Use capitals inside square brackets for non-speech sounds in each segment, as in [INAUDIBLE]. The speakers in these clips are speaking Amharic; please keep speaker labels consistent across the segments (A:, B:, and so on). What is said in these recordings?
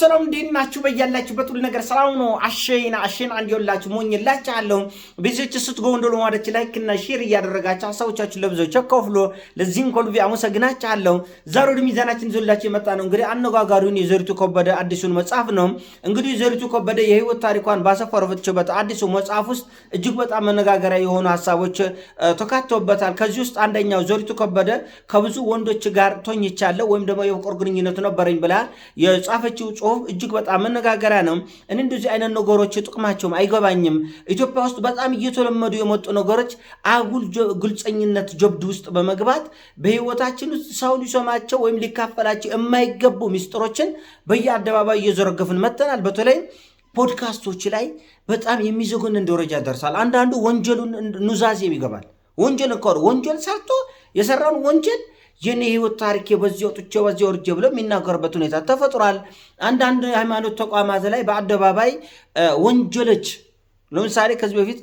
A: ሰላም እንዴት ናችሁ? በያላችሁበት ሁሉ ነገር ሰላም ነው። አሸይና አሸይና ሞኝላችሁ ሞኝላችኋለሁ። ቤዞች ስትጎበኙ እንደሎ ማደች ላይክ እና ሼር እያደረጋችሁ ሀሳቦቻችሁን ለብዙዎች አካፍሉ። ለዚህም ኮልቪ አመሰግናችኋለሁ። ዛሬ ወደ ሚዛናችን ይዞላችሁ የመጣ ነው እንግዲህ አነጋጋሪውን የዘሪቱ ከበደ አዲሱን መጽሐፍ ነው። እንግዲህ የዘሪቱ ከበደ የህይወት ታሪኳን ባሰፈረችበት አዲሱ መጽሐፍ ውስጥ እጅግ በጣም መነጋገሪያ የሆኑ ሀሳቦች ተካተውበታል። ከዚህ ውስጥ አንደኛው ዘሪቱ ከበደ ከብዙ ወንዶች ጋር ቶኝቻለሁ ወይም ደግሞ የፍቅር ግንኙነት ነበረኝ ብላ የጻፈችው ጽሁፍ እጅግ በጣም መነጋገሪያ ነው። እኔ እንደዚህ አይነት ነገሮች ጥቅማቸውም አይገባኝም። ኢትዮጵያ ውስጥ በጣም እየተለመዱ የመጡ ነገሮች አጉል ግልፀኝነት ጀብድ ውስጥ በመግባት በህይወታችን ውስጥ ሰው ሊሰማቸው ወይም ሊካፈላቸው የማይገቡ ሚስጥሮችን በየአደባባይ እየዘረገፍን መጥተናል። በተለይ ፖድካስቶች ላይ በጣም የሚዘገንን ደረጃ ደርሳል። አንዳንዱ ወንጀሉን ኑዛዜም ይገባል። ወንጀል ወንጀል ሰርቶ የሰራውን ወንጀል ይህን የህይወት ታሪክ በዚህ ወጥቼ በዚህ ወርጄ ብሎ የሚናገርበት ሁኔታ ተፈጥሯል። አንዳንድ ሃይማኖት ተቋማት ላይ በአደባባይ ወንጀሎች ለምሳሌ ከዚህ በፊት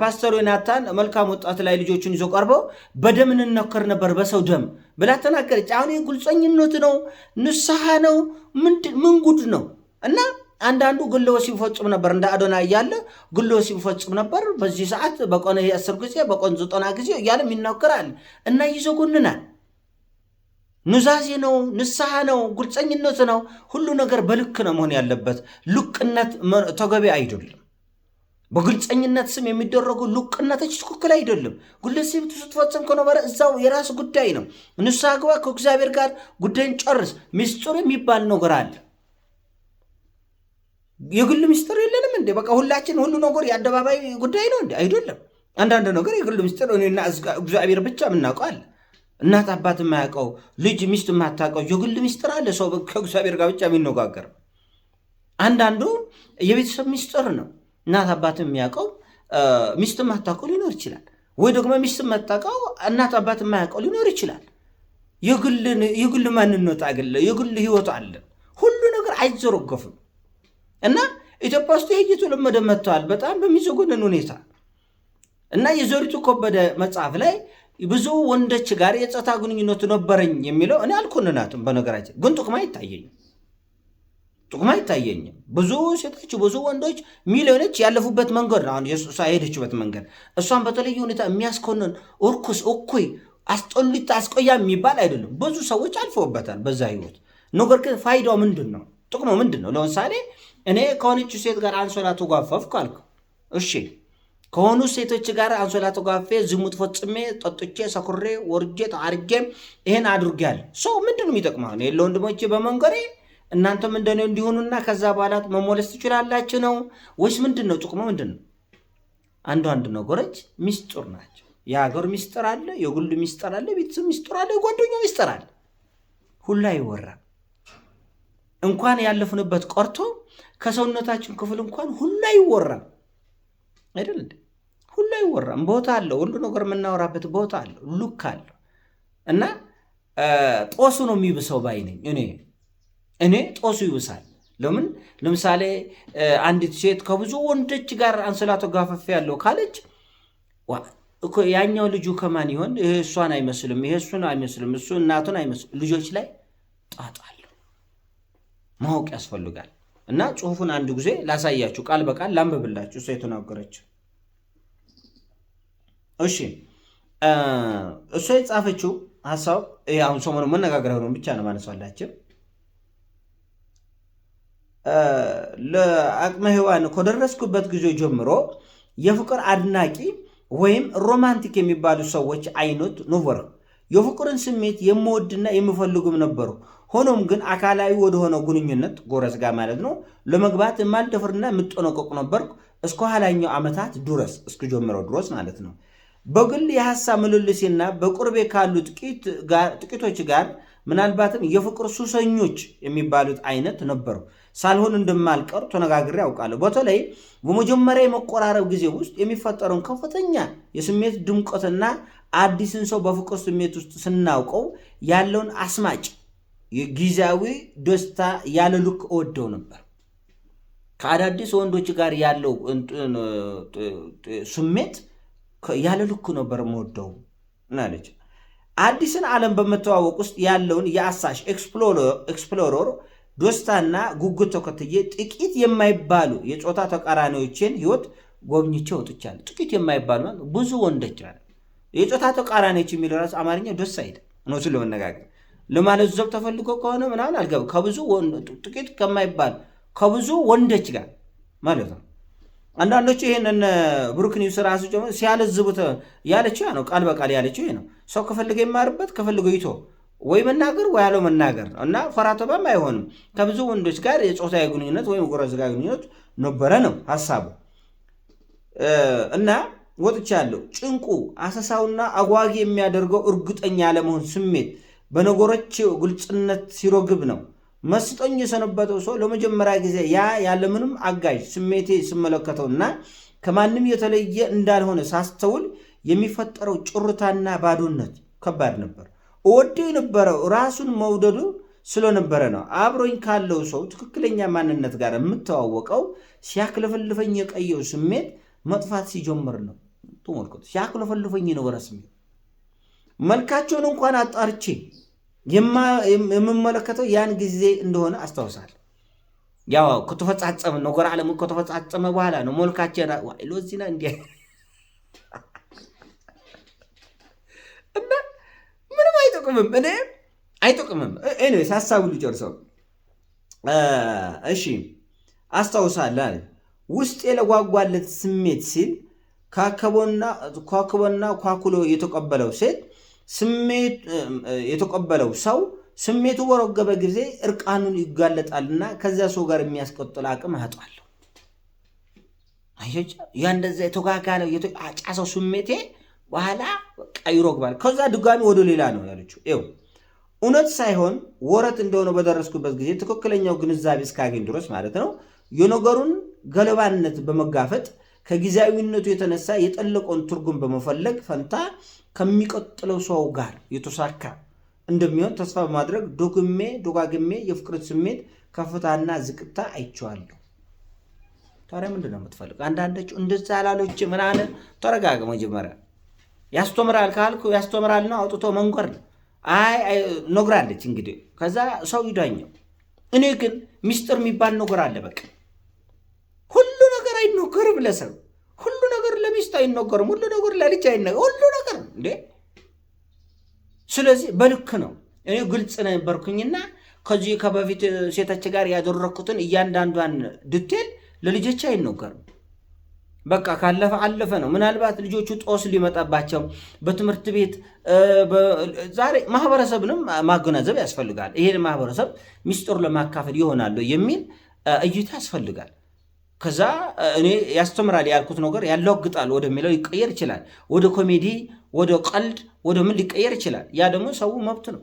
A: ፓስተር ዮናታን መልካም ወጣት ላይ ልጆቹን ይዞ ቀርበው በደም እንነከር ነበር በሰው ደም ብላ ተናገረች። አሁን የግልፀኝነት ነው ንስሐ ነው ምን ጉድ ነው? እና አንዳንዱ ግሎ ሲፈጽም ነበር እንደ አዶና እያለ ግሎ ሲፈጽም ነበር በዚህ ሰዓት በቀን አስር ጊዜ በቆን ዘጠና ጊዜ እያለ ይናገራል እና ጎንናል ኑዛዜ ነው፣ ንስሐ ነው፣ ግልፀኝነት ነው። ሁሉ ነገር በልክ ነው መሆን ያለበት። ልቅነት ተገቢ አይደለም። በግልፀኝነት ስም የሚደረጉ ልቅነቶች ትክክል አይደለም። ግለሰብ ስትፈጽም ከነበረ እዛው የራስ ጉዳይ ነው። ንስሐ ግባ፣ ከእግዚአብሔር ጋር ጉዳይን ጨርስ። ምስጢር የሚባል ነገር አለ። የግል ሚስጥር የለንም እንዴ? በቃ ሁላችን ሁሉ ነገር የአደባባይ ጉዳይ ነው እንዴ? አይደለም። አንዳንድ ነገር የግል ሚስጥር እኔና እግዚአብሔር ብቻ የምናውቀው አለ። እናት አባት የማያውቀው ልጅ ሚስት የማታውቀው የግል ሚስጥር አለ። ሰው ከእግዚአብሔር ጋር ብቻ የሚነጋገር አንዳንዱ የቤተሰብ ሚስጥር ነው። እናት አባት የሚያውቀው ሚስት የማታውቀው ሊኖር ይችላል። ወይ ደግሞ ሚስት የማታውቀው እናት አባት የማያውቀው ሊኖር ይችላል። የግል ማንነት አለ፣ የግል ህይወት አለ። ሁሉ ነገር አይዘረገፍም እና ኢትዮጵያ ውስጥ ይሄ እየተለመደ መጥተዋል በጣም በሚዘጎንን ሁኔታ እና የዘሪቱ ከበደ መጽሐፍ ላይ ብዙ ወንዶች ጋር የጸታ ግንኙነቱ ነበረኝ የሚለው እኔ አልኮንናትም። በነገራችን ግን ጥቅም አይታየኝም፣ ጥቅም አይታየኝም። ብዙ ሴቶች፣ ብዙ ወንዶች፣ ሚሊዮኖች ያለፉበት መንገድ ነው። አሁን እሷ የሄደችበት መንገድ እሷን በተለየ ሁኔታ የሚያስኮንን እርኩስ፣ እኩይ፣ አስጠሊታ፣ አስቆያ የሚባል አይደለም። ብዙ ሰዎች አልፈውበታል በዛ ህይወት። ነገር ግን ፋይዳው ምንድን ነው? ጥቅሙ ምንድን ነው? ለምሳሌ እኔ ከሆነች ሴት ጋር አንሶላ ተጓፈፍኩ አልክ፣ እሺ ከሆኑ ሴቶች ጋር አንሶላ ተጓፌ፣ ዝሙት ፈጽሜ፣ ጠጥቼ፣ ሰኩሬ፣ ወርጄ፣ ተአርጄ ይሄን አድርጌያለሁ። ሰው ምንድን ነው የሚጠቅመው? እኔ ለወንድሞቼ በመንገሬ እናንተም እንደኔ እንዲሆኑና ከዛ በኋላ መሞለስ ትችላላችሁ ነው ወይስ ምንድን ነው? ጥቅሙ ምንድን ነው? አንዱ አንዱ ነገሮች ሚስጥር ናቸው። የሀገር ሚስጥር አለ፣ የጉል ሚስጥር አለ፣ ቤተሰብ ሚስጥር አለ፣ የጓደኛ ሚስጥር አለ። ሁሉ አይወራም። እንኳን ያለፍንበት ቀርቶ ከሰውነታችን ክፍል እንኳን ሁሉ አይወራም አይደል? ሁሉ አይወራም። ቦታ አለው፣ ሁሉ ነገር የምናወራበት ቦታ አለው፣ ሉክ አለው እና ጦሱ ነው የሚብሰው ባይ ነኝ እኔ እኔ ጦሱ ይብሳል። ለምን ለምሳሌ አንዲት ሴት ከብዙ ወንዶች ጋር አንስላቶ ጋፈፍ ያለው ካለች ያኛው ልጁ ከማን ይሆን? ይሄ እሷን አይመስልም፣ ይሄ እሱን አይመስልም፣ እሱ እናቱን አይመስልም። ልጆች ላይ ጣጣ ማወቅ ያስፈልጋል። እና ጽሁፉን አንድ ጊዜ ላሳያችሁ፣ ቃል በቃል ላንብብላችሁ። እሷ የተናገረችው እሺ እሷ የጻፈችው ሀሳብ አሁን ሰሞኑ መነጋገር ሆኖ ብቻ ነው ማነሷላቸው ለአቅመ ሔዋን ከደረስኩበት ጊዜ ጀምሮ የፍቅር አድናቂ ወይም ሮማንቲክ የሚባሉ ሰዎች አይነት ኖቨር የፍቅርን ስሜት የምወድና የምፈልጉም ነበሩ። ሆኖም ግን አካላዊ ወደሆነ ግንኙነት ጎረስ ጋር ማለት ነው ለመግባት የማልደፍርና የምጠነቀቁ ነበር እስከ ኋላኛው ዓመታት ድረስ እስክጀምረው ድረስ ማለት ነው። በግል የሐሳብ ምልልሴና በቁርቤ ካሉ ጥቂቶች ጋር ምናልባትም የፍቅር ሱሰኞች የሚባሉት አይነት ነበሩ። ሳልሆን እንደማልቀር ተነጋግሬ ያውቃለሁ። በተለይ በመጀመሪያ የመቆራረብ ጊዜ ውስጥ የሚፈጠረውን ከፍተኛ የስሜት ድምቀትና አዲስን ሰው በፍቅር ስሜት ውስጥ ስናውቀው ያለውን አስማጭ የጊዜያዊ ደስታ ያለ ልክ እወደው ነበር። ከአዳዲስ ወንዶች ጋር ያለው ስሜት ያለ ልኩ ነበር የምወደው ናለች። አዲስን ዓለም በመተዋወቅ ውስጥ ያለውን የአሳሽ ኤክስፕሎረር ዶስታና ጉጉት ተከትዬ ጥቂት የማይባሉ የጾታ ተቃራኒዎችን ህይወት ጎብኝቼ ወጥቻለሁ። ጥቂት የማይባሉ ብዙ ወንዶች አለ የጾታ ተቃራኒዎች የሚለው ራሱ አማርኛ ደስ አይልም። እውነቱን ለመነጋገር ለማለት ዘብ ተፈልጎ ከሆነ ምናምን አልገባ ከብዙ ጥቂት ከማይባሉ ከብዙ ወንዶች ጋር ማለት ነው። አንዳንዶቹ ይህንን ብሩክ ኒውስ ራሱ ጀምሮ ሲያለዝቡት ያለችው ነው። ቃል በቃል ያለችው ነው። ሰው ከፈልገ ይማርበት ከፈልገ ይቶ ወይ መናገር ወይ ያለው መናገር እና ፈራቶባም አይሆንም። ከብዙ ወንዶች ጋር የጾታዊ ግንኙነት ወይም ጎረዝ ጋር ግንኙነት ነበረ ነው ሀሳቡ እና ወጥቻለሁ። ጭንቁ አሰሳውና አጓጊ የሚያደርገው እርግጠኛ ያለመሆን ስሜት በነገሮች ግልጽነት ሲሮግብ ነው። መስጦኝ የሰነበተው ሰው ለመጀመሪያ ጊዜ ያ ያለምንም አጋዥ ስሜቴ ስመለከተው እና ከማንም የተለየ እንዳልሆነ ሳስተውል የሚፈጠረው ጭርታና ባዶነት ከባድ ነበር። እወደው የነበረው ራሱን መውደዱ ስለነበረ ነው። አብሮኝ ካለው ሰው ትክክለኛ ማንነት ጋር የምተዋወቀው ሲያክለፈልፈኝ የቀየው ስሜት መጥፋት ሲጀምር ነው። ሲያክለፈልፈኝ የነበረ ስሜት መልካቸውን እንኳን አጣርቼ የምመለከተው ያን ጊዜ እንደሆነ አስታውሳል። ያው ከተፈጻጸመ ነገር ዓለም ከተፈጻጸመ በኋላ ነው ሞልካቸው ሎዚና እንዲ [LAUGHS] እና ምንም አይጠቅምም፣ እኔ አይጠቅምም። ኤኒዌይስ ሀሳቡ ልጨርሰው። እሺ አስታውሳለሁ አለ ውስጥ የለጓጓለት ስሜት ሲል ኳክቦና ኳኩሎ የተቀበለው ሴት ስሜት የተቀበለው ሰው ስሜቱ በረገበ ጊዜ እርቃኑን ይጋለጣልና ከዚያ ሰው ጋር የሚያስቀጥል አቅም አጧለሁ። ያ እንደዛ የተጋጋ ነው ስሜቴ በኋላ ይሮግባል። ከዛ ድጋሚ ወደ ሌላ ነው ያለችው። እውነት ሳይሆን ወረት እንደሆነ በደረስኩበት ጊዜ ትክክለኛው ግንዛቤ እስካገኝ ድረስ ማለት ነው የነገሩን ገለባነት በመጋፈጥ ከጊዜያዊነቱ የተነሳ የጠለቀውን ትርጉም በመፈለግ ፈንታ ከሚቀጥለው ሰው ጋር የተሳካ እንደሚሆን ተስፋ በማድረግ ዶግሜ ዶጋግሜ የፍቅር ስሜት ከፍታና ዝቅታ አይቼዋለሁ። ታዲያ ምንድን ነው የምትፈልግ? አንዳንዶቹ እንደዛ ላሎች ምን ተረጋግ። መጀመሪያ ያስተምራል ካልኩ ያስተምራል ነው አውጥቶ መንጎር አይ ነግራለች እንግዲህ፣ ከዛ ሰው ይዳኘው። እኔ ግን ሚስጥር የሚባል ነገር አለ በቃ አይነገርም ለሰው ሁሉ ነገር ለሚስት አይነገርም። ሁሉ ነገር ለልጅ አይነገር ሁሉ ነገር እንዴ! ስለዚህ በልክ ነው። እኔ ግልጽ ነበርኩኝና ከዚህ ከበፊት ሴቶች ጋር ያደረኩትን እያንዳንዷን ድቴል ለልጆች አይነገርም። በቃ ካለፈ አለፈ ነው። ምናልባት ልጆቹ ጦስ ሊመጣባቸው በትምህርት ቤት ዛሬ ማህበረሰብንም ማገናዘብ ያስፈልጋል። ይሄን ማህበረሰብ ሚስጥሩ ለማካፈል ይሆናሉ የሚል እይታ ያስፈልጋል። ከዛ እኔ ያስተምራል ያልኩት ነገር ያለግጣል ወደሚለው ሊቀየር ይችላል። ወደ ኮሜዲ፣ ወደ ቀልድ፣ ወደ ምን ሊቀየር ይችላል። ያ ደግሞ ሰው መብት ነው።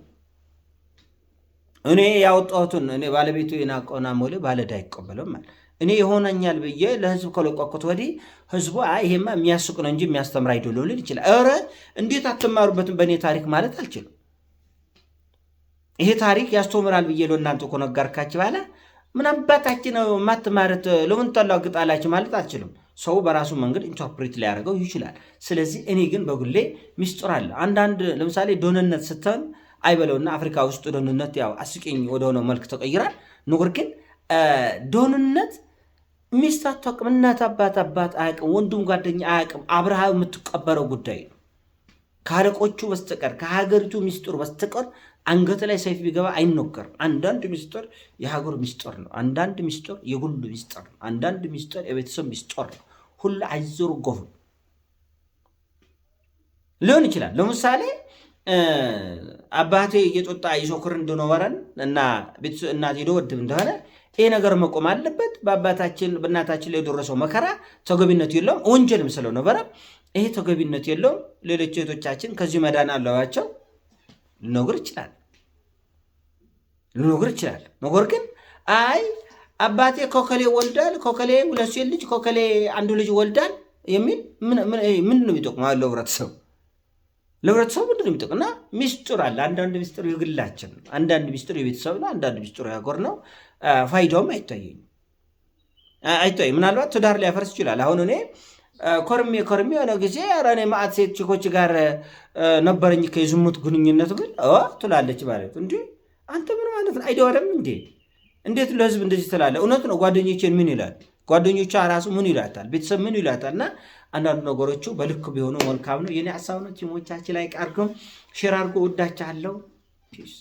A: እኔ ያወጣሁትን እኔ ባለቤቱ የናቀውና ሞሌ ባለዳ አይቀበለም ማለት እኔ የሆነኛል ብዬ ለህዝብ ከለቋኩት ወዲህ ህዝቡ ይሄማ የሚያስቅ ነው እንጂ የሚያስተምር አይደለም ሊል ይችላል። ኧረ እንዴት አትማሩበትም በእኔ ታሪክ ማለት አልችልም። ይሄ ታሪክ ያስተምራል ብዬ ለእናንተ ኮነጋርካች ባለ ምን አባታችን ማትማረት ለምን ጠላው ግጣላችሁ ማለት አልችልም። ሰው በራሱ መንገድ ኢንተርፕሬት ሊያደርገው ይችላል። ስለዚህ እኔ ግን በጉሌ ሚስጥር አለ። አንዳንድ ለምሳሌ ዶንነት ስተን አይበለውና አፍሪካ ውስጥ ዶንነት ያው አስቂኝ ወደሆነው መልክ ተቀይራል። ነገር ግን ዶንነት ሚስት አታውቅም፣ እናት አባት አባት አያውቅም፣ ወንድም ጓደኛ አያውቅም። አብርሃ የምትቀበረው ጉዳይ ነው። ከአለቆቹ በስተቀር ከሀገሪቱ ሚስጥር በስተቀር አንገት ላይ ሰይፍ ቢገባ አይኖከርም። አንዳንድ ምስጢር የሀገር ምስጢር ነው። አንዳንድ ምስጢር የግል ምስጢር ነው። አንዳንድ ምስጢር የቤተሰብ ምስጢር ነው። ሁሉ አይዞር አይዘረገፉም። ሊሆን ይችላል። ለምሳሌ አባቴ እየጦጣ ይሶክር እንደኖረን እና ሄዶ ወድም እንደሆነ ይሄ ነገር መቆም አለበት። በአባታችን በእናታችን ላይ የደረሰው መከራ ተገቢነት የለውም፣ ወንጀልም ስለነበረ ይሄ ተገቢነት የለውም። ሌሎች ሴቶቻችን ከዚህ መዳን አለባቸው ልነግር ይችላል። ልኖግር ይችላል። ነገር ግን አይ አባቴ ኮከሌ ወልዳል፣ ኮከሌ ሁለት ሴት ልጅ፣ ኮከሌ አንዱ ልጅ ወልዳል የሚል ምንድን ነው የሚጠቅሙ? ለህብረተሰቡ ለህብረተሰቡ ምንድን ነው የሚጠቅሙ? እና ሚስጥር አለ። አንዳንድ ሚስጥር የግላችን፣ አንዳንድ ሚስጥር የቤተሰብ ነው፣ አንዳንድ ሚስጥር ያጎር ነው። ፋይዳውም አይታየኝ አይታይ ምናልባት ትዳር ሊያፈርስ ይችላል። አሁን እኔ ኮርሜ ኮርሜ የሆነ ጊዜ ኧረ እኔ መዓት ሴት ቺኮች ጋር ነበረኝ ከዝሙት ግንኙነት ብል ትላለች ማለት እንዲህ አንተ ምን ማለት ነው? አይደወርም እንዴ? እንዴት ለህዝብ እንደዚህ ትላለ? እውነት ነው። ጓደኞችን ምን ይላል? ጓደኞቿ ራሱ ምን ይላታል? ቤተሰብ ምን ይላታል? እና አንዳንዱ ነገሮቹ በልክ ቢሆኑ መልካም ነው። የኔ ሀሳብ ነው። ቲሞቻችን ላይ ቃርግም ሽር አርጎ ወዳቻ አለው ፒስ